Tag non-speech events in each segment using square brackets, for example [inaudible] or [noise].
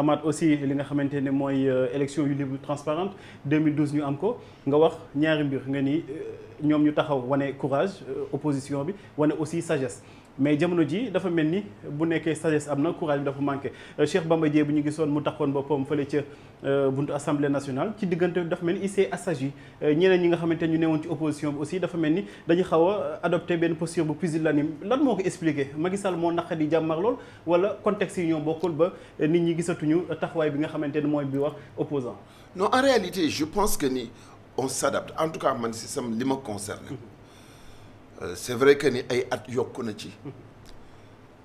Amat aussi li nga xamantene moy euh, élection yu libre transparente 2012 ñu am ko nga wax ñaari mbir nga ni euh, ñom ñu taxaw wane courage euh, opposition bi wane aussi sagesse mais jamono ji dafa melni bu nekké sagesse amna courage dafa manké euh, Cheikh Bamba Dièye bu ñu gisoon mu taxoon boppam fële ca euh, buntu assemblée nationale ci digënté dafa melni ni assagi euh, ñeneen ñi nga xamanté ñu néwon ci opposition aussi dafa melni dañu xawa adopter ben position posture bu pusillanime lan moko expliquer expliqué Macky Sall moo naqadi jàmmar lool wala contexte yi ñoo bokkul ba nit ñi gisatuñu taxway bi nga xamanté moy bi wax opposant non en réalité je pense que ni on s'adapte en tout cas man si sam li ma concerné mm-hmm. Euh, c'est vrai que ni ay at yokuna ci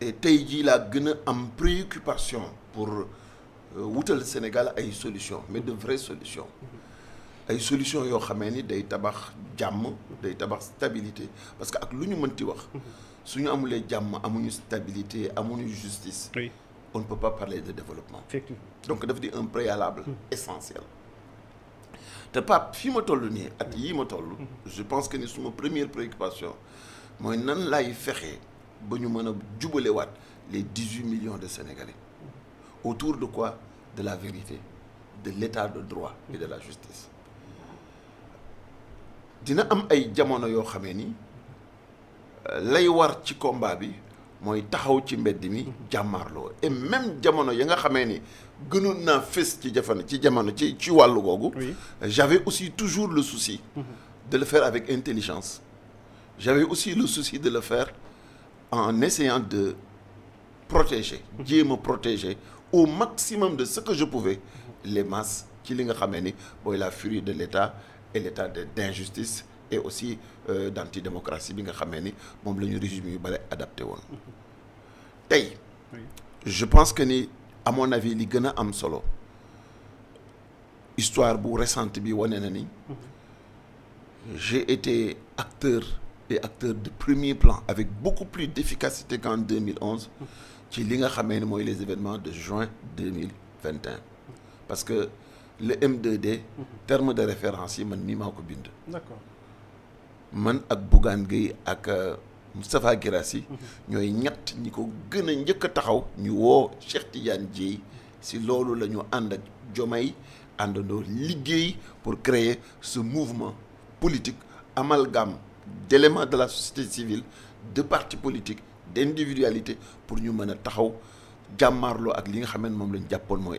et tey jii la am préoccupation pour euh, le Sénégal ay solution mais de vraies solutions ay solution qui xamé ni day tabax jamm day tabax stabilité parce que ak nous mën ti wax suñu jamm amuñu stabilité amuñu justice on ne peut pas parler de développement donc daf di un préalable essentiel te Pape ma toll at ma je pense que ni ma première préoccupation mooy nan lay fexe ba ñu mën les 18 millions de Sénégalais autour de quoi de la vérité de l'état de droit et de la justice dina am ay jamono yoo xamee ni euh, lay war ci combat moy taxaw ci mbedd et même jamono ya nga xamé ni ci j'avais aussi toujours le souci mm-hmm. de le faire avec intelligence j'avais aussi le souci de le faire en essayant de protéger de mm-hmm. me protéger au maximum de ce que je pouvais mm-hmm. les masses ci li nga la furie de l'État et l'état d'injustice aussi euh, danti démocratie adapté je pense que à mon avis l'histoire histoire récente mhm. j'ai été acteur et acteur de premier plan avec beaucoup plus d'efficacité qu'en 2011 mhm. ci li nga les événements de juin 2021 mhm. parce que le M2D terme de référence yi d'accord man ak Bougane Gueye ak euh, Moustapha mhm. ñoy ñatt ñi ko a Cheikh si lolu lañu and pour créer ce mouvement politique amalgame d'éléments de la société civile de partis politiques d'individualité pour ñu mëna taxaw jamarlo ak li nga xam mom lañu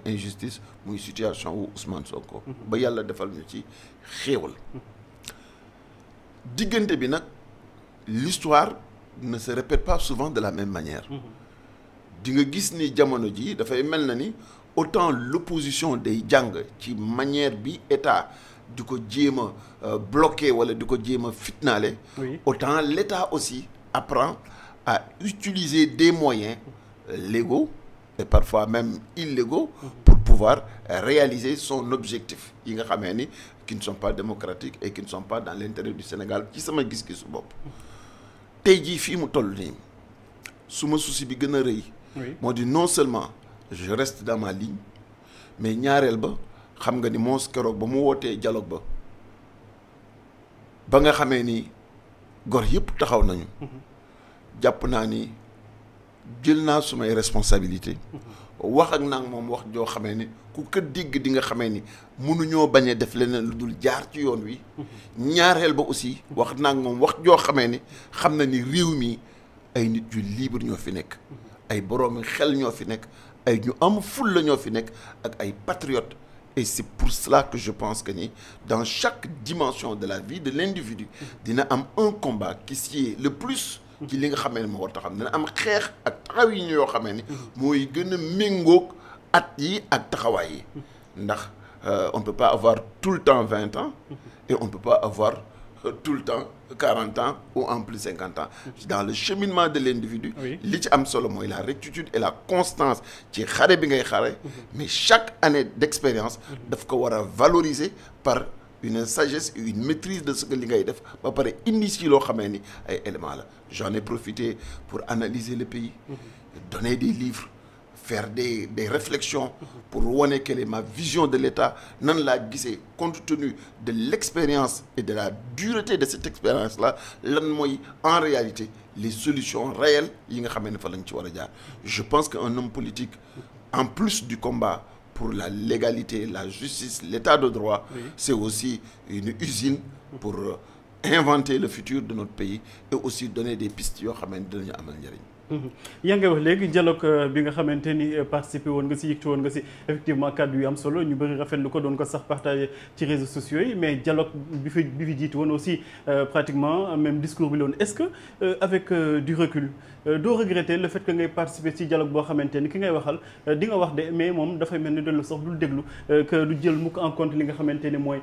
injustice situation Ousmane Sonko. Mhm. ba defal l'histoire ne se répète pas souvent de la même manière mmh. di nga ni jamono autant l'opposition des qui ci manière bi état du euh, autant l'état aussi apprend à utiliser des moyens légaux et parfois même illégaux mmh. pour pouvoir réaliser son objectif yi qui ne sont pas démocratiques et qui ne sont pas dans l'intérêt du Sénégal ci sama gis-gisu bopp tey jii fii mu toll nii su souci bi gën a rëy non seulement je reste dans ma ligne mais ñaareel ba xam nga ni mon keroog ba mu wootee dialogue ba ba nga xamee ni gor yëpp taxaw nañu mhm. jàpp naa ni jël naa sumay responsabilité wax ak nag moom wax joo xamee ni ku ko digg di nga xamee ni mënuñoo bañ a def leneen lu dul jaar ci yoon wi ñaareel ba aussi wax nag moom wax joo xamee ni xam na ni réew mi ay nit yu libre ñoo fi nekk ay boroomi xel ñoo fi nekk ay ñu am la ñoo fi nekk ak ay patriotes et c'est pour cela que je pense que ni dans chaque dimension de la vie de l'individu dina am un combat qui est le plus li on ne peut pas avoir tout le temps 20 ans et on ne peut pas avoir euh, tout le temps 40 ans ou en plus 50 ans dans le cheminement de l'individu li ci a la rectitude et la constance ci mhm. mais chaque année d'expérience doit être valorisée par une sagesse et une maîtrise de ce que li fait def ba éléments j'en ai profité pour analyser le pays donner des livres faire des des réflexions pour voir quelle est ma vision de l'État non la compte tenu de l'expérience et de la dureté de cette expérience là en réalité les solutions réelles je pense qu'un homme politique en plus du combat pour la légalité, la justice, l'état de droit. C'est aussi une usine pour euh, inventer le futur de notre pays et aussi donner des pistes. au yaa ngi wax legui dialogue euh, bi nga xamanteni euh, participer won nga si yëgti woon nga si effectivement kàddu yu am solo ñu bëri rafetlu ko doon ko sax partager ci réseaux sociaux mais dialogue bi fi bi fi jiitu won aussi euh, pratiquement même discours bi lone est-ce que avec du recul do regretter le fait que ngay participer ci dialogue bo xamanteni ki ngay waxal di nga wax de mais mom da fay melni delu sax dul déglu que du jël mukk en compte li nga xamanteni moy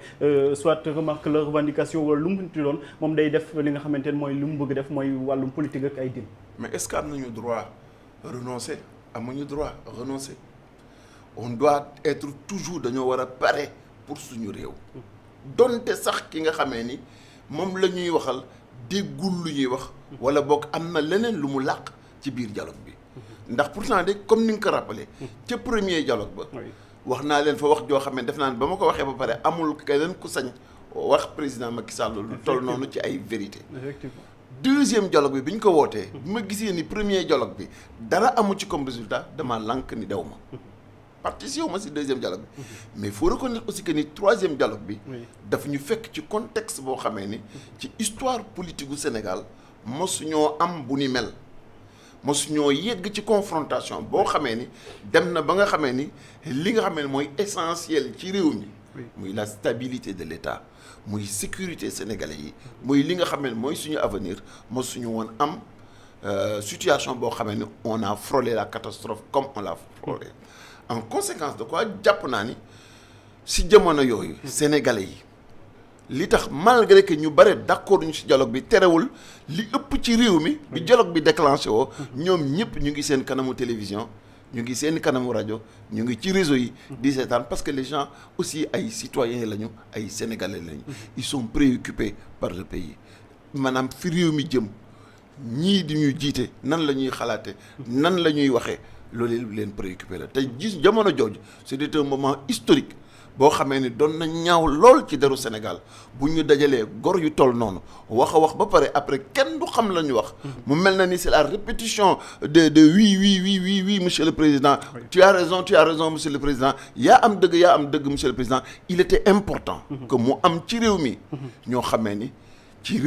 soit remarque leur revendication wala lu mu munti doon moom day def li nga xamanteni moy lu mu bëgg def moy walum politique ak ay dil mais est-ce que am nañu droit renoncer amuñu droit renoncer on doit être toujours dañoo war a pare pour suñu réew donte sax ki nga xamee ni moom la ñuy waxal déggul lu ñuy wax wala boog am na leneen lu mu làq ci biir dialogue bi ndax pour pourtant de comme ni nga ko rappelé ca premier dialogue ba wax naa leen fa wax joo xam ne daf naa ne ba ma ko waxee ba pare amul keneen ku sañ wax président Macky Sall lu toll noonu ci ay vérité effectivement deuxième dialogue bi ko wootee. bima ma ni premier dialogue bi dara amu ci comme résultat dama lànk ni dew ma. participer ma ci deuxième dialogue mais faut reconnaître aussi que ni troisième dialogue bi. daf ñu fekk ci contexte bo xamé ni. ci histoire politique du Sénégal mosuñoo am bu ni mel. mosuñoo yegg ci confrontation bo xamé ni dem na ba nga xamé ni li nga xamé moy essentiel ci réew mi. muy la stabilité de l'État moy sécurité sénégalais yi muy li nga xamné moy suñu avenir mo suñu won am euh, situation bo xamné on a frôlé la catastrophe comme on l'a frôlé en conséquence de quoi japp naa ni si jamono yoy sénégalais yi li tax malgré que ñu bare d'accord ñu ci dialogue bi terewul li ëpp ci réew mi bi dialogue bi déclenché woo ñoom ñëpp ñu ngi seen kanamu télévision nous sommes seen kanamu radio, ñu ngi ci parce que les gens aussi les citoyens et les sénégalais mmh. ils sont préoccupés par le pays Madame fi réew nous jëm ñii di nous nan la nous mmh. nan la nous c'était un moment historique Sénégal après la c'est la répétition de oui oui oui oui oui monsieur le président. tu as raison tu as raison monsieur le président monsieur le président il était important. Mhm. que moi, je ci réew mi. Mhm. ñoo ni ci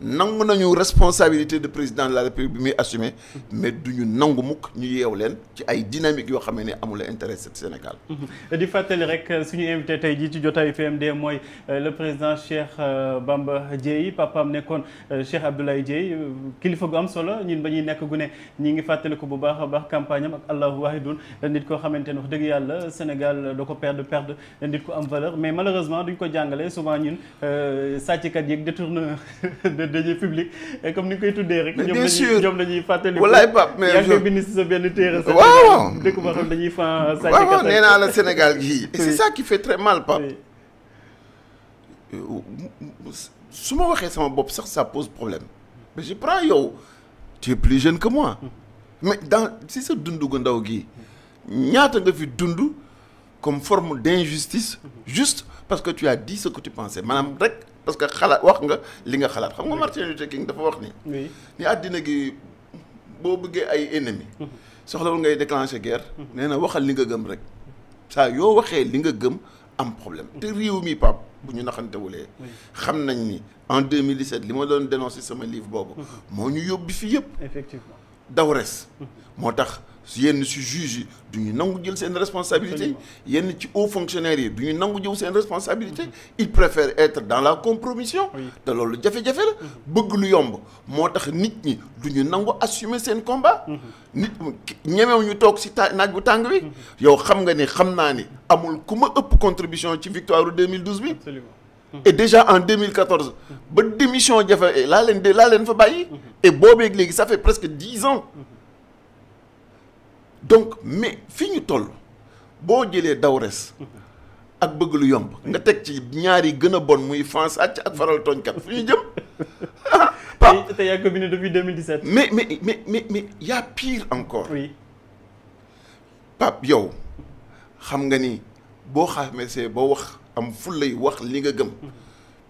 nangu nañu responsabilité de président de la république mais assumé mais duñu nangu mukk ñu yeew leen ci ay dynamique yoo xam ne amul intérêt Sénégal. [laughs] di fàttali rek euh, suñu invité tey jii ci jotaayu FMD mooy euh, le président Cheikh euh, Bamba Dièye papa nekkoon Cheikh Abdoulaye Dièye qu'il gu am solo ñun ba ñuy nekk gu ne ñi ngi fàttali ko bu baax baax campagne am ak Allahu wahidun nit koo xamante ne wax Sénégal da perdre perdre nit ko am valeur mais malheureusement duñ ko jàngale souvent ñun sàcckat yeeg détourneur [laughs] ne dañuy public comme ni ñu koy tuddee rek. bien sûr ñoom dañuy fàttali. walaay pap, mais je yaa bind si sa benn téere. waaw waaw dëkk boo xam dañuy fan. sàcc waaw nee naa le Sénégal gii. et c'est ça qui fait très mal pap. Euh, su ma waxee sama bopp sax ça pose problème mais je prends yo, tu es plus jeune que moi hmm. mais dans si sa dund gu ndaw gii ñaata nga fi dund comme forme d'injustice juste parce que tu as dit ce que tu pensais Madame, parce que tu wax nga li nga xam nga Martin Luther King dafa wax ni ni àddina gi ay mhm. déclencher guerre tu mhm. waxal li nga gëm rek tu yo li nga gëm am problème mhm. te pap bu en 2017 li ma dénoncé dénoncé sama livre Mo ñu effectivement yenn si juge du ñu nangu jël seen responsabilité yenn ci haut fonctionnaire yi du ñu nangu jël seen responsabilité ils préfèrent être dans la compromission te loolu jafe-jafe la mhm. bëgg lu yomb moo tax nit ñi du nangu assumer seen combat mhm. nit ñemew ñu toog si ta naaj bu tàng wi mhm. yow xam nga ni xam naa ni amul ku ma ëpp contribution ci victoire 2012 bi et déjà en 2014 ba démission jafe laa leen de laa leen fa bàyyi et boobeeg léegi ça fait presque 10 ans donc mais fini tout toll ak bëgg lu yomb bon muy france ak faral tu 2017. [laughs] mais mais y a pire encore. oui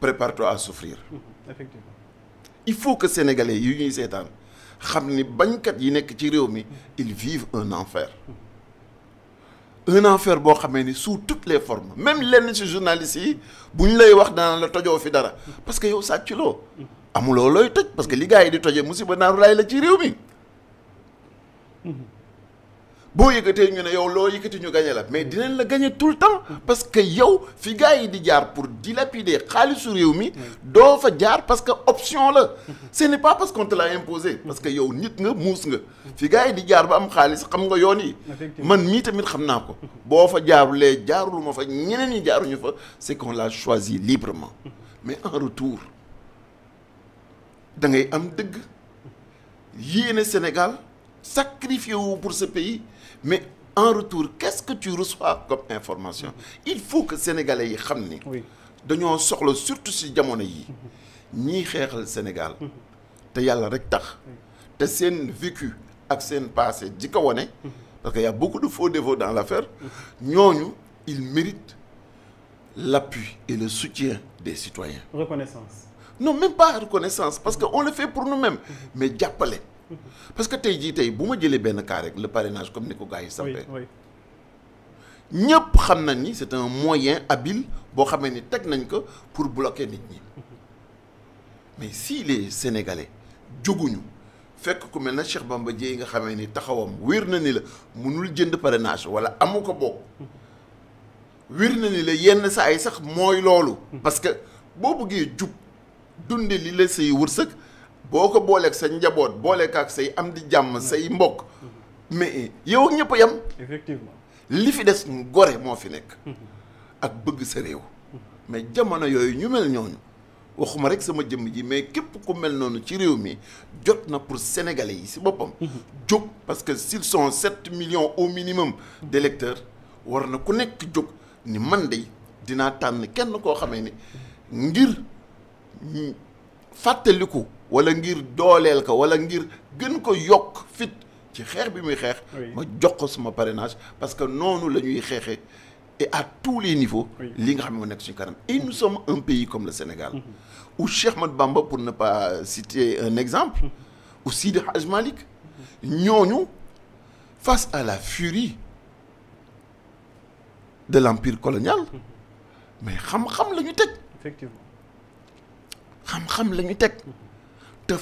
prépare-toi à souffrir. Mm-hmm. effectivement il faut que sénégalais yu xam ni bañkat yi nekk ci réew mi ils vivent un enfer un enfer boo xamee ni sous toutes les formes même lenn ci journalistes yi bu ñu lay wax dana la tojoo fi dara parce que yow sàcculoo amuloo looy toj parce que li gars yi di tojee musiba naaru laay la ci réew mi si vous ñu gagné, la mais tout le temps parce que yow fi pour dilapider les parce que option la ce n'est pas parce qu'on te l'a imposé parce que vous avez nga muus nga fi gars que di jaar dit am vous avez nga que man dit c'est qu'on l'a choisi librement mais en retour vous avez am que Sénégal sacrifié pour ce pays mais en retour qu'est-ce que tu reçois comme information il faut que sénégalais yi xam ni dañoo soxla surtout si jamono yi le Sénégal te a rek tax te vécu ak son passé parce qu'il y a beaucoup de faux dévots dans l'affaire il ils méritent l'appui et le soutien des citoyens reconnaissance non même pas reconnaissance parce qu'on le fait pour nous-mêmes mais jàppale parce que tey jii tey bu ma jëlee benn cas rek le parrainage comme ni ko gars yi sampee ñëpp xam nañ ni c'est un moyen habile boo xamee ni teg nañ ko pour bloquer nit ñi mais si les sénégalais jóguñu fekk ko mel na Cheikh Bamba Dièye nga xamee ni taxawam wér na ni la mënul jënd parrainage wala amu ko bokk wér na ni la yenn sa ay sax mooy loolu parce que boo bëggee jub dunde li la say wërsëg boko bolé booleeg sa njaboot booleeg ak say am di jam say mbok mais yow ñëpp yam effectivement li fi dess gore mo fi nek mhm. ak bëgg sa réew mais jamono yoy ñu mel ñooñu waxuma rek sama jëm ji mais képp ku mel noonu ci réew mi jot na pour sénégalais yi si boppam mhm. jóg parce que s'ils sont 7 millions au minimum d'électeurs war na ku nekk jog ni man de dina tànn kenn koo xamee ni ngir fàttaliku wala ngir dooleel ko wala ngir gën ko yokk fit ci xeex bi muy xeex. ma jox ko sama parrainage parce que noonu la ñuy xeexee et à tous les niveaux. li nga xam ne moo nekk suñu kanam et nous sommes un pays comme le Sénégal. Mhm. où Cheikh Ahmadou Bamba pour ne pas citer un exemple. Mhm. ou Sidi Hadj Malik ñooñu face à la furie de l'empire colonial. Mhm. mais xam-xam la ñu teg. effectivement xam-xam la ñu teg te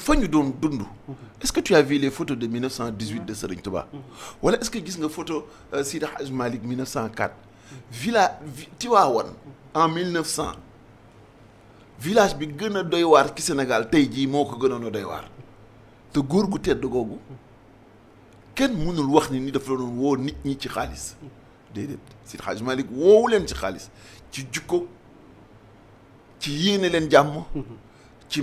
est-ce que tu as vu les photos de 1918 de Serigne Touba wala est-ce que gis nga photo Sidi Malik 1904 villa en 1900 village bi doy war ci Sénégal tay ji moko ko de a doy war te góor gu tedd gogou mënul wax ni ni dafa don wo nit ñi ci xaliss dedet Sidi malik ci ci ci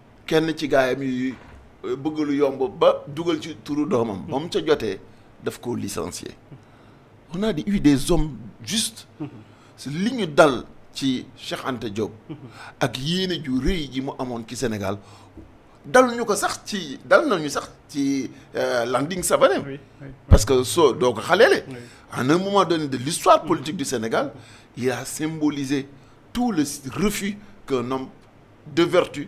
kenn ci gaayam yi bëgg lu yomb ba dugal ci turu doomam. ba mu ca jotee daf ko licencier. on a di eu des hommes justes. li ñu dal ci Cheikh Anta Diop. ak yéene ju rëy ji mu amoon ci Sénégal dalu ñu ko sax ci dal nañu sax ci euh, Landing Savané. parce que soo doo ko xaleele. en un moment donné de l'histoire politique du Sénégal il a symbolisé tout le refus que un homme de vertu.